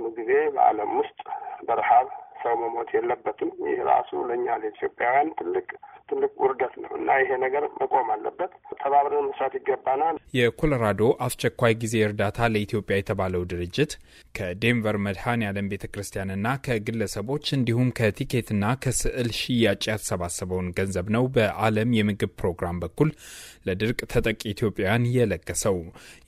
በአሁኑ ጊዜ በዓለም ውስጥ በረሀብ ሰው መሞት የለበትም። ይህ ራሱ ለእኛ ለኢትዮጵያውያን ትልቅ ትልቅ ውርደት ነው እና ይሄ ነገር መቆም አለበት። ተባብረን መስራት ይገባናል። የኮሎራዶ አስቸኳይ ጊዜ እርዳታ ለኢትዮጵያ የተባለው ድርጅት ከዴንቨር መድሃን ያለም ቤተ ክርስቲያንና ከግለሰቦች እንዲሁም ከቲኬትና ከስዕል ሽያጭ ያሰባሰበውን ገንዘብ ነው በዓለም የምግብ ፕሮግራም በኩል ለድርቅ ተጠቂ ኢትዮጵያውያን የለገሰው።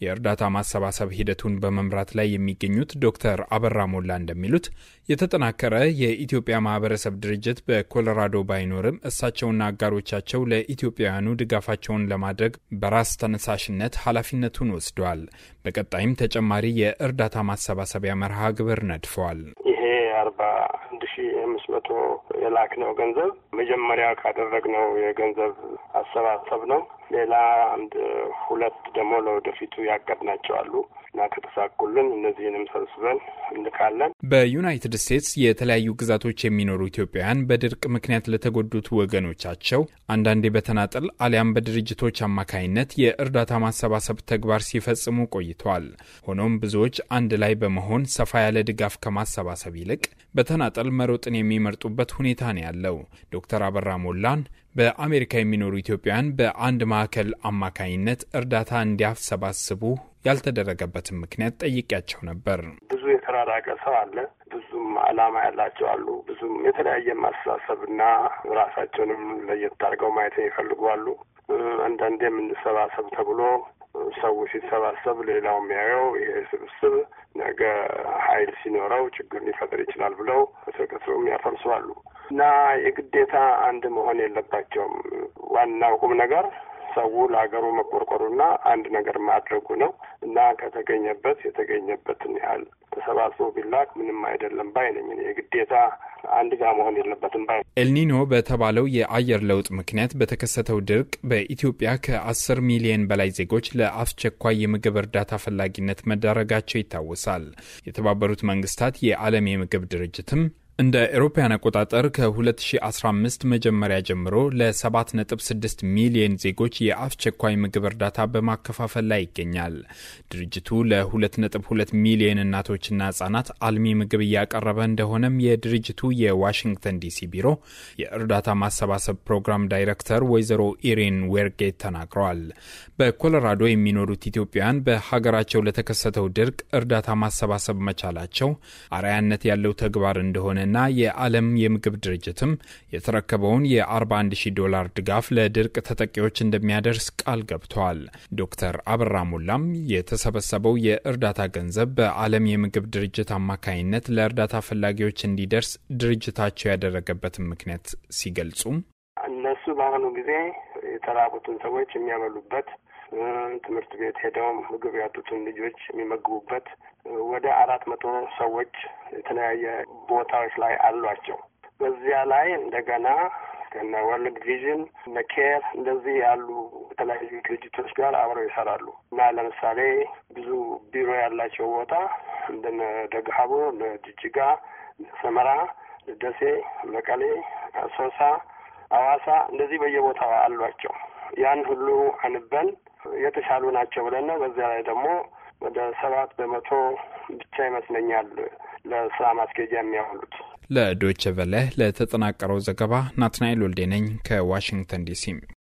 የእርዳታ ማሰባሰብ ሂደቱን በመምራት ላይ የሚገኙት ዶክተር አበራ ሞላ እንደሚሉት የተጠናከረ የኢትዮጵያ ማህበረሰብ ድርጅት በኮሎራዶ ባይኖርም እሳቸውና አጋሮቻቸው ለኢትዮጵያውያኑ ድጋፋቸውን ለማድረግ በራስ ተነሳሽነት ኃላፊነቱን ወስደዋል። በቀጣይም ተጨማሪ የእርዳታ ማሰባሰቢያ መርሃ ግብር ነድፈዋል። ይሄ አርባ አንድ ሺ አምስት መቶ የላክነው ገንዘብ መጀመሪያ ካደረግነው የገንዘብ አሰባሰብ ነው። ሌላ አንድ ሁለት ደግሞ ለወደፊቱ ያቀድናቸው አሉ እና ከተሳኩልን እነዚህንም ሰብስበን እንልካለን። በዩናይትድ ስቴትስ የተለያዩ ግዛቶች የሚኖሩ ኢትዮጵያውያን በድርቅ ምክንያት ለተጎዱት ወገኖቻቸው አንዳንዴ በተናጠል አሊያም በድርጅቶች አማካይነት የእርዳታ ማሰባሰብ ተግባር ሲፈጽሙ ቆይተዋል። ሆኖም ብዙዎች አንድ ላይ በመሆን ሰፋ ያለ ድጋፍ ከማሰባሰብ ይልቅ በተናጠል መሮጥን የሚመርጡበት ሁኔታ ነው ያለው። ዶክተር አበራ ሞላን በአሜሪካ የሚኖሩ ኢትዮጵያውያን በአንድ ማዕከል አማካይነት እርዳታ እንዲያሰባስቡ ያልተደረገበትን ምክንያት ጠይቄያቸው ነበር። የተራራቀ ሰው አለ፣ ብዙም አላማ ያላቸው አሉ፣ ብዙም የተለያየ ማስተሳሰብና ራሳቸውንም ለየት አድርገው ማየት ይፈልጉ አሉ። አንዳንድ የምንሰባሰብ ተብሎ ሰው ሲሰባሰብ ሌላው የሚያየው ይሄ ስብስብ ነገ ኃይል ሲኖረው ችግር ሊፈጥር ይችላል ብለው ተቀስሩም ያፈርሰዋሉ እና የግዴታ አንድ መሆን የለባቸውም። ዋናው ቁም ነገር ሰው ለሀገሩ መቆርቆሩና አንድ ነገር ማድረጉ ነው እና ከተገኘበት የተገኘበትን ያህል ተሰባስቦ ቢላክ ምንም አይደለም ባይ ነኝ። የግዴታ አንድ ጋር መሆን የለበትም ባይ ኤልኒኖ በተባለው የአየር ለውጥ ምክንያት በተከሰተው ድርቅ በኢትዮጵያ ከአስር ሚሊየን በላይ ዜጎች ለአስቸኳይ የምግብ እርዳታ ፈላጊነት መዳረጋቸው ይታወሳል። የተባበሩት መንግስታት የዓለም የምግብ ድርጅትም እንደ ኤሮፓያን አቆጣጠር ከ2015 መጀመሪያ ጀምሮ ለ7.6 ሚሊዮን ዜጎች የአስቸኳይ ምግብ እርዳታ በማከፋፈል ላይ ይገኛል። ድርጅቱ ለ2.2 ሚሊዮን እናቶችና ህጻናት አልሚ ምግብ እያቀረበ እንደሆነም የድርጅቱ የዋሽንግተን ዲሲ ቢሮ የእርዳታ ማሰባሰብ ፕሮግራም ዳይሬክተር ወይዘሮ ኢሬን ዌርጌት ተናግረዋል። በኮሎራዶ የሚኖሩት ኢትዮጵያውያን በሀገራቸው ለተከሰተው ድርቅ እርዳታ ማሰባሰብ መቻላቸው አርአያነት ያለው ተግባር እንደሆነ እና የዓለም የምግብ ድርጅትም የተረከበውን የ41 ዶላር ድጋፍ ለድርቅ ተጠቂዎች እንደሚያደርስ ቃል ገብተዋል። ዶክተር አበራ ሙላም የተሰበሰበው የእርዳታ ገንዘብ በዓለም የምግብ ድርጅት አማካኝነት ለእርዳታ ፈላጊዎች እንዲደርስ ድርጅታቸው ያደረገበትን ምክንያት ሲገልጹም እነሱ በአሁኑ ጊዜ የተራቡትን ሰዎች የሚያበሉበት ትምህርት ቤት ሄደው ምግብ ያጡትን ልጆች የሚመግቡበት ወደ አራት መቶ ሰዎች የተለያየ ቦታዎች ላይ አሏቸው። በዚያ ላይ እንደገና ከነ ወርልድ ቪዥን እነ ኬር እንደዚህ ያሉ የተለያዩ ድርጅቶች ጋር አብረው ይሰራሉ እና ለምሳሌ ብዙ ቢሮ ያላቸው ቦታ እንደነ ደግሀቦ፣ ጅጅጋ፣ ሰመራ፣ ደሴ፣ መቀሌ፣ አሶሳ አዋሳ እንደዚህ በየቦታው አሏቸው። ያን ሁሉ አንበን የተሻሉ ናቸው ብለን ነው። በዚያ ላይ ደግሞ ወደ ሰባት በመቶ ብቻ ይመስለኛል ለስራ ማስኬጃ የሚያውሉት። ለዶይቼ ቬለ ለተጠናቀረው ዘገባ ናትናኤል ወልዴ ነኝ ከዋሽንግተን ዲሲ።